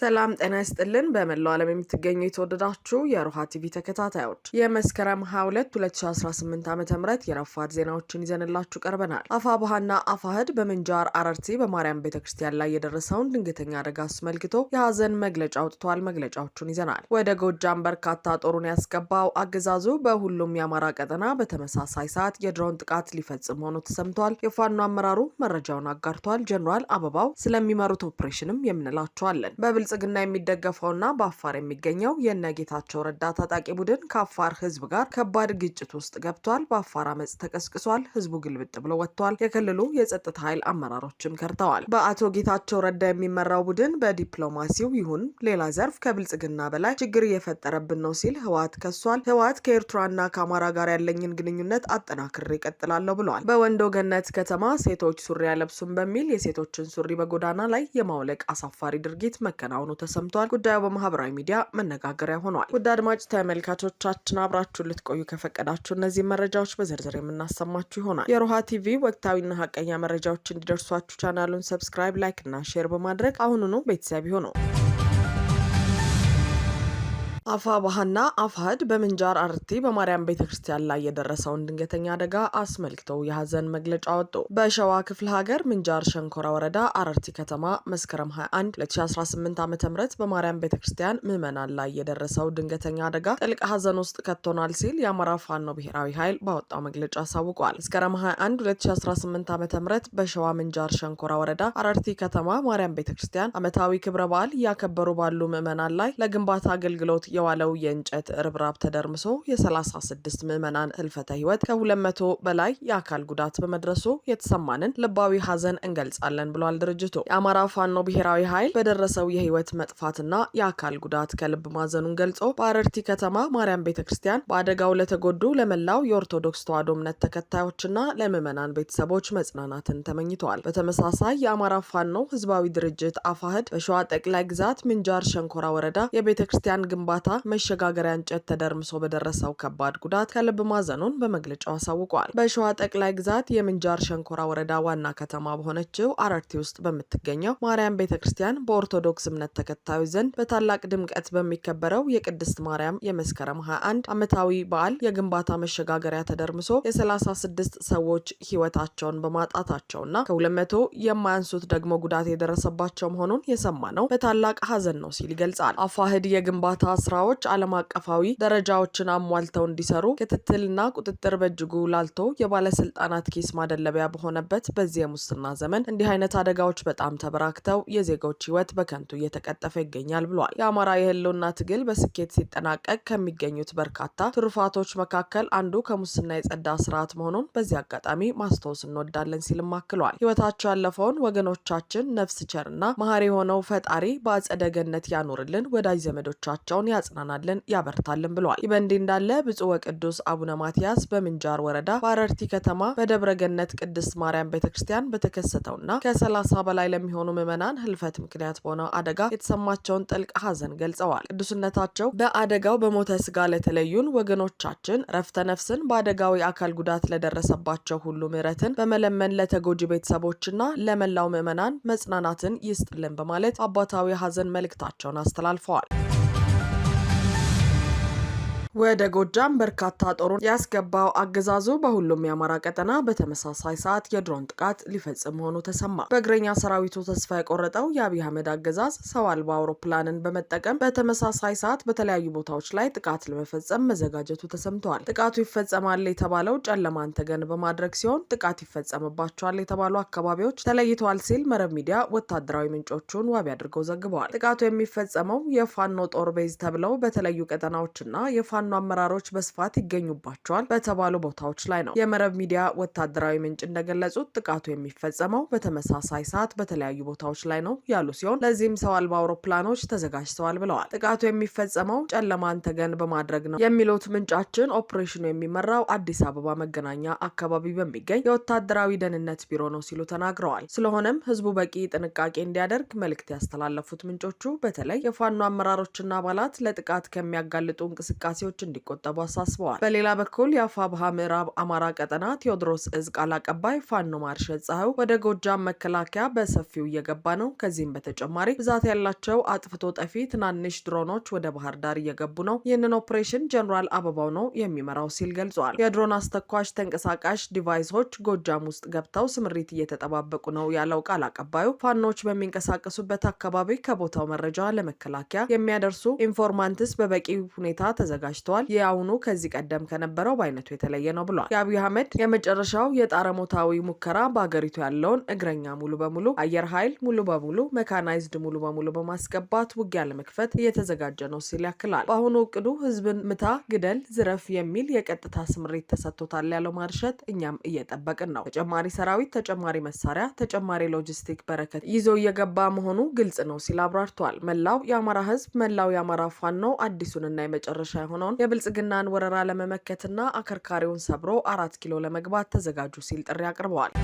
ሰላም ጤና ይስጥልን። በመላው ዓለም የምትገኙ የተወደዳችሁ የሮሃ ቲቪ ተከታታዮች የመስከረም 22 2018 ዓ ም የረፋድ ዜናዎችን ይዘንላችሁ ቀርበናል። ባህና አፋህድ በምንጃር አረርቲ በማርያም ቤተ ክርስቲያን ላይ የደረሰውን ድንገተኛ አደጋ አስመልክቶ የሀዘን መግለጫ አውጥተዋል። መግለጫዎቹን ይዘናል። ወደ ጎጃም በርካታ ጦሩን ያስገባው አገዛዙ በሁሉም የአማራ ቀጠና በተመሳሳይ ሰዓት የድሮን ጥቃት ሊፈጽም ሆኖ ተሰምቷል። የፋኖ አመራሩ መረጃውን አጋርቷል። ጀኔራል አበባው ስለሚመሩት ኦፕሬሽንም የምንላችኋለን። በብልጽ በብልጽግና የሚደገፈውና በአፋር የሚገኘው የነጌታቸው ረዳ ታጣቂ ቡድን ከአፋር ህዝብ ጋር ከባድ ግጭት ውስጥ ገብቷል። በአፋር አመፅ ተቀስቅሷል። ህዝቡ ግልብጥ ብሎ ወጥቷል። የክልሉ የጸጥታ ኃይል አመራሮችም ከርተዋል። በአቶ ጌታቸው ረዳ የሚመራው ቡድን በዲፕሎማሲው ይሁን ሌላ ዘርፍ ከብልጽግና በላይ ችግር እየፈጠረብን ነው ሲል ህወሓት ከሷል። ህወሓት ከኤርትራና ከአማራ ጋር ያለኝን ግንኙነት አጠናክሬ ይቀጥላለሁ ብለዋል። በወንዶ ገነት ከተማ ሴቶች ሱሪ አለብሱም በሚል የሴቶችን ሱሪ በጎዳና ላይ የማውለቅ አሳፋሪ ድርጊት መከናወ መከናወኑ ተሰምቷል። ጉዳዩ በማህበራዊ ሚዲያ መነጋገሪያ ሆኗል። ውድ አድማጭ ተመልካቾቻችን አብራችሁን ልትቆዩ ከፈቀዳችሁ እነዚህ መረጃዎች በዝርዝር የምናሰማችሁ ይሆናል። የሮሃ ቲቪ ወቅታዊና ሀቀኛ መረጃዎች እንዲደርሷችሁ ቻናሉን ሰብስክራይብ፣ ላይክ እና ሼር በማድረግ አሁኑኑ ቤተሰብ ይሁኑ። አፋባህና አፋህድ በምንጃር አርቲ በማርያም ቤተ ክርስቲያን ላይ የደረሰውን ድንገተኛ አደጋ አስመልክተው የሀዘን መግለጫ ወጡ። በሸዋ ክፍለ ሀገር ምንጃር ሸንኮራ ወረዳ አረርቲ ከተማ መስከረም 21 2018 ዓ ም በማርያም ቤተ ክርስቲያን ምዕመናን ላይ የደረሰው ድንገተኛ አደጋ ጥልቅ ሀዘን ውስጥ ከቶናል ሲል የአማራ ፋኖ ብሔራዊ ኃይል ባወጣው መግለጫ አሳውቋል። መስከረም 21 2018 ዓ ም በሸዋ ምንጃር ሸንኮራ ወረዳ አረርቲ ከተማ ማርያም ቤተ ክርስቲያን ዓመታዊ ክብረ በዓል እያከበሩ ባሉ ምዕመናን ላይ ለግንባታ አገልግሎት የዋለው የእንጨት ርብራብ ተደርምሶ የ36 ምዕመናን ህልፈተ ህይወት ከ200 በላይ የአካል ጉዳት በመድረሱ የተሰማንን ልባዊ ሀዘን እንገልጻለን ብሏል ድርጅቱ። የአማራ ፋኖ ብሔራዊ ኃይል በደረሰው የህይወት መጥፋትና የአካል ጉዳት ከልብ ማዘኑን ገልጾ በአረርቲ ከተማ ማርያም ቤተ ክርስቲያን በአደጋው ለተጎዱ ለመላው የኦርቶዶክስ ተዋሕዶ እምነት ተከታዮችና ለምዕመናን ቤተሰቦች መጽናናትን ተመኝተዋል። በተመሳሳይ የአማራ ፋኖ ህዝባዊ ድርጅት አፋህድ በሸዋ ጠቅላይ ግዛት ምንጃር ሸንኮራ ወረዳ የቤተ ክርስቲያን ግንባታ በርካታ መሸጋገሪያ እንጨት ተደርምሶ በደረሰው ከባድ ጉዳት ከልብ ማዘኑን በመግለጫው አሳውቋል። በሸዋ ጠቅላይ ግዛት የምንጃር ሸንኮራ ወረዳ ዋና ከተማ በሆነችው አረርቲ ውስጥ በምትገኘው ማርያም ቤተ ክርስቲያን በኦርቶዶክስ እምነት ተከታዮች ዘንድ በታላቅ ድምቀት በሚከበረው የቅድስት ማርያም የመስከረም 21 ዓመታዊ በዓል የግንባታ መሸጋገሪያ ተደርምሶ የ36 ሰዎች ህይወታቸውን በማጣታቸውና ከ200 የማያንሱት ደግሞ ጉዳት የደረሰባቸው መሆኑን የሰማ ነው በታላቅ ሀዘን ነው ሲል ይገልጻል። አፋህድ የግንባታ ስራዎች ዓለም አቀፋዊ ደረጃዎችን አሟልተው እንዲሰሩ ክትትልና ቁጥጥር በእጅጉ ላልቶ የባለስልጣናት ኬስ ማደለቢያ በሆነበት በዚህ የሙስና ዘመን እንዲህ አይነት አደጋዎች በጣም ተበራክተው የዜጎች ህይወት በከንቱ እየተቀጠፈ ይገኛል ብሏል። የአማራ የህልውና ትግል በስኬት ሲጠናቀቅ ከሚገኙት በርካታ ትሩፋቶች መካከል አንዱ ከሙስና የጸዳ ስርዓት መሆኑን በዚህ አጋጣሚ ማስታወስ እንወዳለን ሲልም አክሏል። ህይወታቸው ያለፈውን ወገኖቻችን ነፍስ ቸርና መሀሪ የሆነው ፈጣሪ በአጸደ ገነት ያኑርልን፣ ወዳጅ ዘመዶቻቸውን ያ። ያጽናናልን ያበርታልን ብለዋል። ይህ በእንዲህ እንዳለ ብፁዕ ወቅዱስ አቡነ ማትያስ በምንጃር ወረዳ በአረርቲ ከተማ በደብረ ገነት ቅድስት ማርያም ቤተ ክርስቲያን በተከሰተውና ከሰላሳ በላይ ለሚሆኑ ምዕመናን ህልፈት ምክንያት በሆነው አደጋ የተሰማቸውን ጥልቅ ሐዘን ገልጸዋል። ቅዱስነታቸው በአደጋው በሞተ ስጋ ለተለዩን ወገኖቻችን ረፍተ ነፍስን በአደጋዊ አካል ጉዳት ለደረሰባቸው ሁሉ ምሕረትን በመለመን ለተጎጂ ቤተሰቦችና ለመላው ምዕመናን መጽናናትን ይስጥልን በማለት አባታዊ ሐዘን መልእክታቸውን አስተላልፈዋል። ወደ ጎጃም በርካታ ጦሩን ያስገባው አገዛዙ በሁሉም የአማራ ቀጠና በተመሳሳይ ሰዓት የድሮን ጥቃት ሊፈጽም መሆኑ ተሰማ። በእግረኛ ሰራዊቱ ተስፋ የቆረጠው የአብይ አህመድ አገዛዝ ሰው አልባ አውሮፕላንን በመጠቀም በተመሳሳይ ሰዓት በተለያዩ ቦታዎች ላይ ጥቃት ለመፈጸም መዘጋጀቱ ተሰምተዋል። ጥቃቱ ይፈጸማል የተባለው ጨለማን ተገን በማድረግ ሲሆን ጥቃት ይፈጸምባቸዋል የተባሉ አካባቢዎች ተለይተዋል ሲል መረብ ሚዲያ ወታደራዊ ምንጮቹን ዋቢ አድርገው ዘግበዋል። ጥቃቱ የሚፈጸመው የፋኖ ጦር ቤዝ ተብለው በተለዩ ቀጠናዎችና የፋ የፋኖ አመራሮች በስፋት ይገኙባቸዋል በተባሉ ቦታዎች ላይ ነው። የመረብ ሚዲያ ወታደራዊ ምንጭ እንደገለጹት ጥቃቱ የሚፈጸመው በተመሳሳይ ሰዓት በተለያዩ ቦታዎች ላይ ነው ያሉ ሲሆን ለዚህም ሰው አልባ አውሮፕላኖች ተዘጋጅተዋል ብለዋል። ጥቃቱ የሚፈጸመው ጨለማን ተገን በማድረግ ነው የሚሉት ምንጫችን ኦፕሬሽኑ የሚመራው አዲስ አበባ መገናኛ አካባቢ በሚገኝ የወታደራዊ ደህንነት ቢሮ ነው ሲሉ ተናግረዋል። ስለሆነም ህዝቡ በቂ ጥንቃቄ እንዲያደርግ መልእክት ያስተላለፉት ምንጮቹ በተለይ የፋኖ አመራሮችና አባላት ለጥቃት ከሚያጋልጡ እንቅስቃሴዎች ከወጪዎች እንዲቆጠቡ አሳስበዋል። በሌላ በኩል የአፋ ምዕራብ አማራ ቀጠና ቴዎድሮስ እዝ ቃል አቀባይ ፋኖ ማርሸል ፀሐዩ ወደ ጎጃም መከላከያ በሰፊው እየገባ ነው። ከዚህም በተጨማሪ ብዛት ያላቸው አጥፍቶ ጠፊ ትናንሽ ድሮኖች ወደ ባህር ዳር እየገቡ ነው። ይህንን ኦፕሬሽን ጀኔራል አበባው ነው የሚመራው ሲል ገልጿል። የድሮን አስተኳሽ ተንቀሳቃሽ ዲቫይሶች ጎጃም ውስጥ ገብተው ስምሪት እየተጠባበቁ ነው ያለው ቃል አቀባዩ ፋኖች በሚንቀሳቀሱበት አካባቢ ከቦታው መረጃ ለመከላከያ የሚያደርሱ ኢንፎርማንትስ በበቂ ሁኔታ ተዘጋጅ አመቻችተዋል። የአሁኑ ከዚህ ቀደም ከነበረው በአይነቱ የተለየ ነው ብሏል። የአብይ አህመድ የመጨረሻው የጣረሞታዊ ሙከራ በአገሪቱ ያለውን እግረኛ ሙሉ በሙሉ አየር ኃይል ሙሉ በሙሉ መካናይዝድ ሙሉ በሙሉ በማስገባት ውጊያ ለመክፈት እየተዘጋጀ ነው ሲል ያክላል። በአሁኑ እቅዱ ህዝብን ምታ፣ ግደል፣ ዝረፍ የሚል የቀጥታ ስምሪት ተሰጥቶታል ያለው ማርሸት እኛም እየጠበቅን ነው። ተጨማሪ ሰራዊት፣ ተጨማሪ መሳሪያ፣ ተጨማሪ ሎጂስቲክ በረከት ይዞ እየገባ መሆኑ ግልጽ ነው ሲል አብራርቷል። መላው የአማራ ህዝብ፣ መላው የአማራ ፋኖ አዲሱንና የመጨረሻ የሆነው የጀመረውን የብልጽግናን ወረራ ለመመከትና አከርካሪውን ሰብሮ አራት ኪሎ ለመግባት ተዘጋጁ ሲል ጥሪ አቅርበዋል።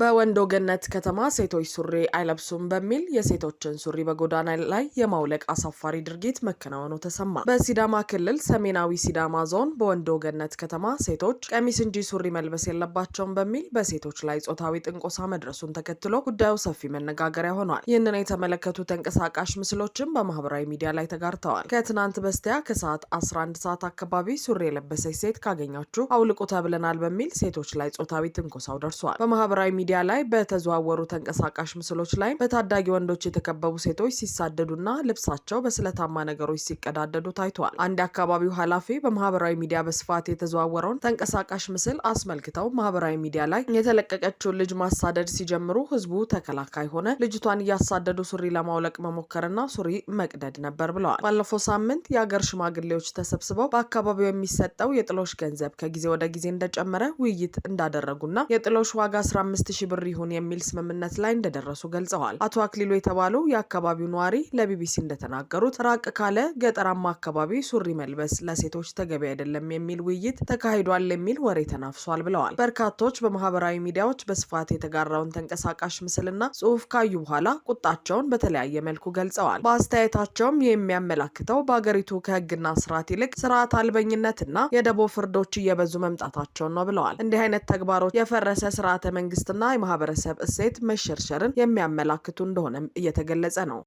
በወንዶ ገነት ከተማ ሴቶች ሱሪ አይለብሱም በሚል የሴቶችን ሱሪ በጎዳና ላይ የማውለቅ አሳፋሪ ድርጊት መከናወኑ ተሰማ። በሲዳማ ክልል ሰሜናዊ ሲዳማ ዞን በወንዶ ገነት ከተማ ሴቶች ቀሚስ እንጂ ሱሪ መልበስ የለባቸውም በሚል በሴቶች ላይ ጾታዊ ጥንቆሳ መድረሱን ተከትሎ ጉዳዩ ሰፊ መነጋገሪያ ሆኗል። ይህንን የተመለከቱ ተንቀሳቃሽ ምስሎችም በማህበራዊ ሚዲያ ላይ ተጋርተዋል። ከትናንት በስቲያ ከሰዓት 11 ሰዓት አካባቢ ሱሪ የለበሰች ሴት ካገኛችሁ አውልቁ ተብለናል በሚል ሴቶች ላይ ጾታዊ ትንኮሳው ደርሷል። በማህበራዊ ሚዲያ ላይ በተዘዋወሩ ተንቀሳቃሽ ምስሎች ላይ በታዳጊ ወንዶች የተከበቡ ሴቶች ሲሳደዱና ልብሳቸው በስለታማ ነገሮች ሲቀዳደዱ ታይተዋል። አንድ የአካባቢው ኃላፊ በማህበራዊ ሚዲያ በስፋት የተዘዋወረውን ተንቀሳቃሽ ምስል አስመልክተው ማህበራዊ ሚዲያ ላይ የተለቀቀችውን ልጅ ማሳደድ ሲጀምሩ ህዝቡ ተከላካይ ሆነ። ልጅቷን እያሳደዱ ሱሪ ለማውለቅ መሞከርና ሱሪ መቅደድ ነበር ብለዋል። ባለፈው ሳምንት የአገር ሽማግሌዎች ተሰብስበው በአካባቢው የሚሰጠው የጥሎሽ ገንዘብ ከጊዜ ወደ ጊዜ እንደጨመረ ውይይት እንዳደረጉና የጥሎሽ ዋጋ 15 ሺ ብር ይሁን የሚል ስምምነት ላይ እንደደረሱ ገልጸዋል። አቶ አክሊሉ የተባሉ የአካባቢው ነዋሪ ለቢቢሲ እንደተናገሩት ራቅ ካለ ገጠራማ አካባቢ ሱሪ መልበስ ለሴቶች ተገቢ አይደለም የሚል ውይይት ተካሂዷል የሚል ወሬ ተናፍሷል ብለዋል። በርካቶች በማህበራዊ ሚዲያዎች በስፋት የተጋራውን ተንቀሳቃሽ ምስልና ጽሁፍ ካዩ በኋላ ቁጣቸውን በተለያየ መልኩ ገልጸዋል። በአስተያየታቸውም የሚያመላክተው በአገሪቱ ከህግና ስርዓት ይልቅ ስርዓት አልበኝነትና የደቦ ፍርዶች እየበዙ መምጣታቸውን ነው ብለዋል። እንዲህ አይነት ተግባሮች የፈረሰ ስርዓተ መንግስትና የማህበረሰብ እሴት መሸርሸርን የሚያመላክቱ እንደሆነም እየተገለጸ ነው።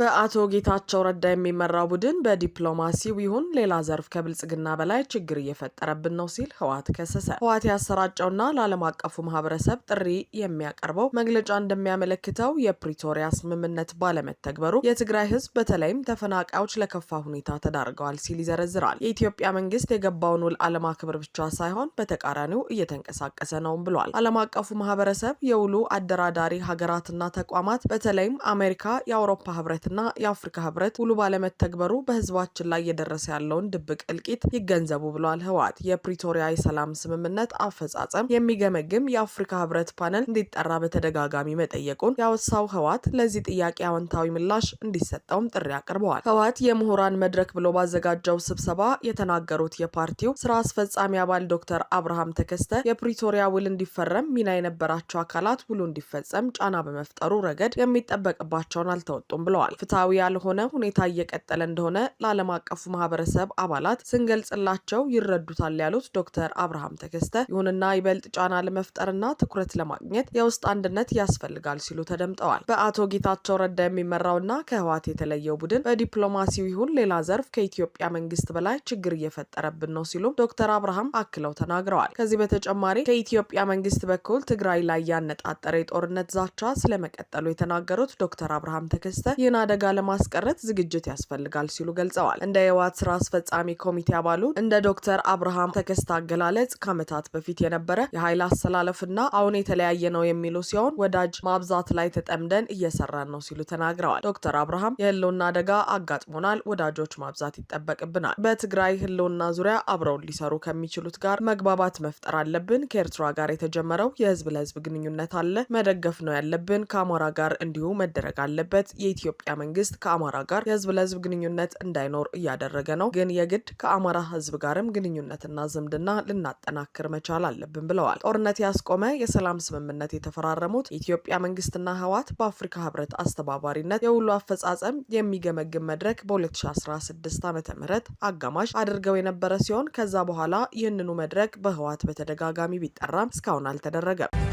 በአቶ ጌታቸው ረዳ የሚመራው ቡድን በዲፕሎማሲው ይሁን ሌላ ዘርፍ ከብልጽግና በላይ ችግር እየፈጠረብን ነው ሲል ህወሓት ከሰሰ። ህወሓት ያሰራጨውና ለዓለም አቀፉ ማህበረሰብ ጥሪ የሚያቀርበው መግለጫ እንደሚያመለክተው የፕሪቶሪያ ስምምነት ባለመተግበሩ የትግራይ ህዝብ በተለይም ተፈናቃዮች ለከፋ ሁኔታ ተዳርገዋል ሲል ይዘረዝራል። የኢትዮጵያ መንግስት የገባውን ውል አለማክበር ብቻ ሳይሆን በተቃራኒው እየተንቀሳቀሰ ነውም ብሏል። ዓለም አቀፉ ማህበረሰብ የውሉ አደራዳሪ ሀገራትና ተቋማት በተለይም አሜሪካ፣ የአውሮፓ ህብረት ህብረትና የአፍሪካ ህብረት ውሉ ባለመተግበሩ በህዝባችን ላይ እየደረሰ ያለውን ድብቅ እልቂት ይገንዘቡ ብለዋል ህወሓት። የፕሪቶሪያ የሰላም ስምምነት አፈጻጸም የሚገመግም የአፍሪካ ህብረት ፓነል እንዲጠራ በተደጋጋሚ መጠየቁን ያወሳው ህወሓት ለዚህ ጥያቄ አዎንታዊ ምላሽ እንዲሰጠውም ጥሪ አቅርበዋል። ህወሓት የምሁራን መድረክ ብሎ ባዘጋጀው ስብሰባ የተናገሩት የፓርቲው ስራ አስፈጻሚ አባል ዶክተር አብርሃም ተከስተ የፕሪቶሪያ ውል እንዲፈረም ሚና የነበራቸው አካላት ውሉ እንዲፈጸም ጫና በመፍጠሩ ረገድ የሚጠበቅባቸውን አልተወጡም ብለዋል። ፍትሐዊ ያልሆነ ሁኔታ እየቀጠለ እንደሆነ ለዓለም አቀፉ ማህበረሰብ አባላት ስንገልጽላቸው ይረዱታል ያሉት ዶክተር አብርሃም ተከስተ፣ ይሁንና ይበልጥ ጫና ለመፍጠርና ትኩረት ለማግኘት የውስጥ አንድነት ያስፈልጋል ሲሉ ተደምጠዋል። በአቶ ጌታቸው ረዳ የሚመራውና ከህወሓት የተለየው ቡድን በዲፕሎማሲው ይሁን ሌላ ዘርፍ ከኢትዮጵያ መንግስት በላይ ችግር እየፈጠረብን ነው ሲሉም ዶክተር አብርሃም አክለው ተናግረዋል። ከዚህ በተጨማሪ ከኢትዮጵያ መንግስት በኩል ትግራይ ላይ ያነጣጠረ የጦርነት ዛቻ ስለመቀጠሉ የተናገሩት ዶክተር አብርሃም ተከስተ ይህን አደጋ ለማስቀረት ዝግጅት ያስፈልጋል ሲሉ ገልጸዋል። እንደ የህወሓት ስራ አስፈጻሚ ኮሚቴ አባሉ እንደ ዶክተር አብርሃም ተከስታ አገላለጽ ከዓመታት በፊት የነበረ የኃይል አሰላለፍና አሁን የተለያየ ነው የሚሉ ሲሆን ወዳጅ ማብዛት ላይ ተጠምደን እየሰራን ነው ሲሉ ተናግረዋል። ዶክተር አብርሃም የህልውና አደጋ አጋጥሞናል፣ ወዳጆች ማብዛት ይጠበቅብናል። በትግራይ ህልውና ዙሪያ አብረውን ሊሰሩ ከሚችሉት ጋር መግባባት መፍጠር አለብን። ከኤርትራ ጋር የተጀመረው የህዝብ ለህዝብ ግንኙነት አለ፣ መደገፍ ነው ያለብን። ከአሞራ ጋር እንዲሁ መደረግ አለበት። የኢትዮጵያ የኢትዮጵያ መንግስት ከአማራ ጋር የህዝብ ለህዝብ ግንኙነት እንዳይኖር እያደረገ ነው። ግን የግድ ከአማራ ህዝብ ጋርም ግንኙነትና ዝምድና ልናጠናክር መቻል አለብን ብለዋል። ጦርነት ያስቆመ የሰላም ስምምነት የተፈራረሙት የኢትዮጵያ መንግስትና ህዋት በአፍሪካ ህብረት አስተባባሪነት የውሎ አፈጻጸም የሚገመግም መድረክ በ2016 ዓ ም አጋማሽ አድርገው የነበረ ሲሆን ከዛ በኋላ ይህንኑ መድረክ በህዋት በተደጋጋሚ ቢጠራም እስካሁን አልተደረገም።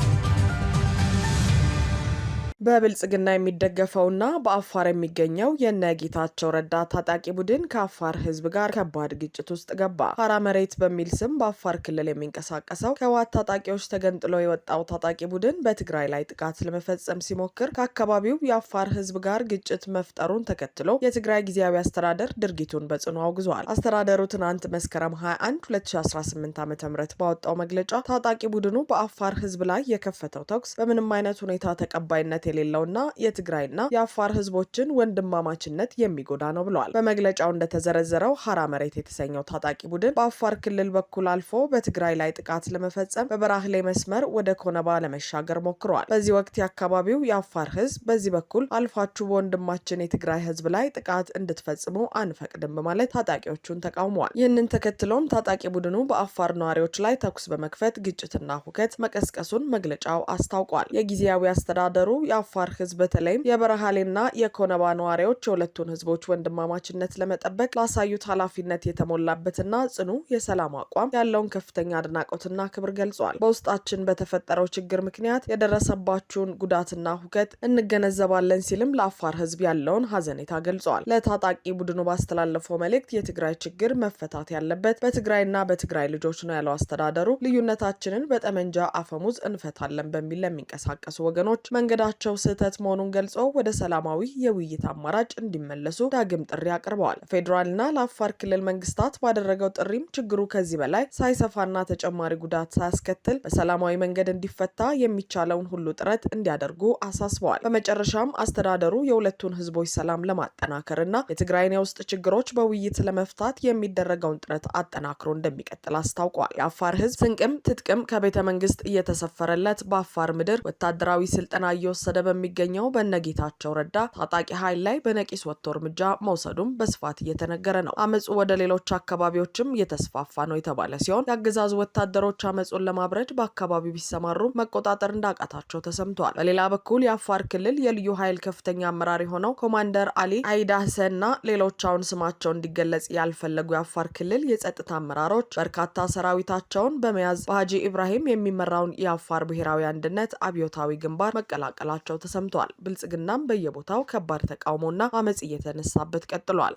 በብልጽግና የሚደገፈውና በአፋር የሚገኘው የነ ጌታቸው ረዳ ታጣቂ ቡድን ከአፋር ሕዝብ ጋር ከባድ ግጭት ውስጥ ገባ። ሀራ መሬት በሚል ስም በአፋር ክልል የሚንቀሳቀሰው ከህወሓት ታጣቂዎች ተገንጥሎ የወጣው ታጣቂ ቡድን በትግራይ ላይ ጥቃት ለመፈጸም ሲሞክር ከአካባቢው የአፋር ሕዝብ ጋር ግጭት መፍጠሩን ተከትሎ የትግራይ ጊዜያዊ አስተዳደር ድርጊቱን በጽኑ አውግዟል። አስተዳደሩ ትናንት መስከረም 21 2018 ዓ ም ባወጣው መግለጫ ታጣቂ ቡድኑ በአፋር ሕዝብ ላይ የከፈተው ተኩስ በምንም አይነት ሁኔታ ተቀባይነት የሌለውና የትግራይና የአፋር ህዝቦችን ወንድማማችነት የሚጎዳ ነው ብለዋል። በመግለጫው እንደተዘረዘረው ሀራ መሬት የተሰኘው ታጣቂ ቡድን በአፋር ክልል በኩል አልፎ በትግራይ ላይ ጥቃት ለመፈጸም በበራህሌ መስመር ወደ ኮነባ ለመሻገር ሞክረዋል። በዚህ ወቅት የአካባቢው የአፋር ህዝብ በዚህ በኩል አልፋችሁ በወንድማችን የትግራይ ህዝብ ላይ ጥቃት እንድትፈጽሙ አንፈቅድም በማለት ታጣቂዎቹን ተቃውመዋል። ይህንን ተከትሎም ታጣቂ ቡድኑ በአፋር ነዋሪዎች ላይ ተኩስ በመክፈት ግጭትና ሁከት መቀስቀሱን መግለጫው አስታውቋል። የጊዜያዊ አስተዳደሩ የአፋር ህዝብ በተለይም የበረሃሌና የኮነባ ነዋሪዎች የሁለቱን ህዝቦች ወንድማማችነት ለመጠበቅ ላሳዩት ኃላፊነት የተሞላበትና ጽኑ የሰላም አቋም ያለውን ከፍተኛ አድናቆትና ክብር ገልጿል። በውስጣችን በተፈጠረው ችግር ምክንያት የደረሰባችሁን ጉዳትና ሁከት እንገነዘባለን ሲልም ለአፋር ህዝብ ያለውን ሀዘኔታ ገልጿል። ለታጣቂ ቡድኑ ባስተላለፈው መልእክት የትግራይ ችግር መፈታት ያለበት በትግራይና በትግራይ ልጆች ነው ያለው አስተዳደሩ ልዩነታችንን በጠመንጃ አፈሙዝ እንፈታለን በሚል ለሚንቀሳቀሱ ወገኖች መንገዳቸው ያደረጋቸው ስህተት መሆኑን ገልጾ ወደ ሰላማዊ የውይይት አማራጭ እንዲመለሱ ዳግም ጥሪ አቅርበዋል። ለፌዴራልና ለአፋር ክልል መንግስታት ባደረገው ጥሪም ችግሩ ከዚህ በላይ ሳይሰፋና ተጨማሪ ጉዳት ሳያስከትል በሰላማዊ መንገድ እንዲፈታ የሚቻለውን ሁሉ ጥረት እንዲያደርጉ አሳስበዋል። በመጨረሻም አስተዳደሩ የሁለቱን ህዝቦች ሰላም ለማጠናከርና የትግራይን የውስጥ ችግሮች በውይይት ለመፍታት የሚደረገውን ጥረት አጠናክሮ እንደሚቀጥል አስታውቋል። የአፋር ህዝብ ስንቅም ትጥቅም ከቤተ መንግስት እየተሰፈረለት በአፋር ምድር ወታደራዊ ስልጠና እየወሰደ እየወሰደ በሚገኘው በነጌታቸው ረዳ ታጣቂ ኃይል ላይ በነቂስ ወጥቶ እርምጃ መውሰዱም በስፋት እየተነገረ ነው። አመፁ ወደ ሌሎች አካባቢዎችም እየተስፋፋ ነው የተባለ ሲሆን የአገዛዙ ወታደሮች አመፁን ለማብረድ በአካባቢው ቢሰማሩ መቆጣጠር እንዳቃታቸው ተሰምተዋል። በሌላ በኩል የአፋር ክልል የልዩ ኃይል ከፍተኛ አመራር የሆነው ኮማንደር አሊ አይዳህሰና ሌሎች አሁን ስማቸው እንዲገለጽ ያልፈለጉ የአፋር ክልል የጸጥታ አመራሮች በርካታ ሰራዊታቸውን በመያዝ በሀጂ ኢብራሂም የሚመራውን የአፋር ብሔራዊ አንድነት አብዮታዊ ግንባር መቀላቀላቸው መሆናቸው ተሰምተዋል። ብልጽግናም በየቦታው ከባድ ተቃውሞና አመፅ እየተነሳበት ቀጥሏል።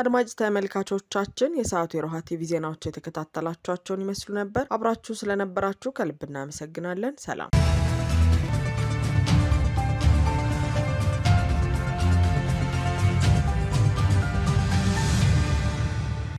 አድማጭ ተመልካቾቻችን የሰዓቱ የሮሃ ቲቪ ዜናዎች የተከታተላችኋቸውን ይመስሉ ነበር። አብራችሁ ስለነበራችሁ ከልብ እናመሰግናለን። ሰላም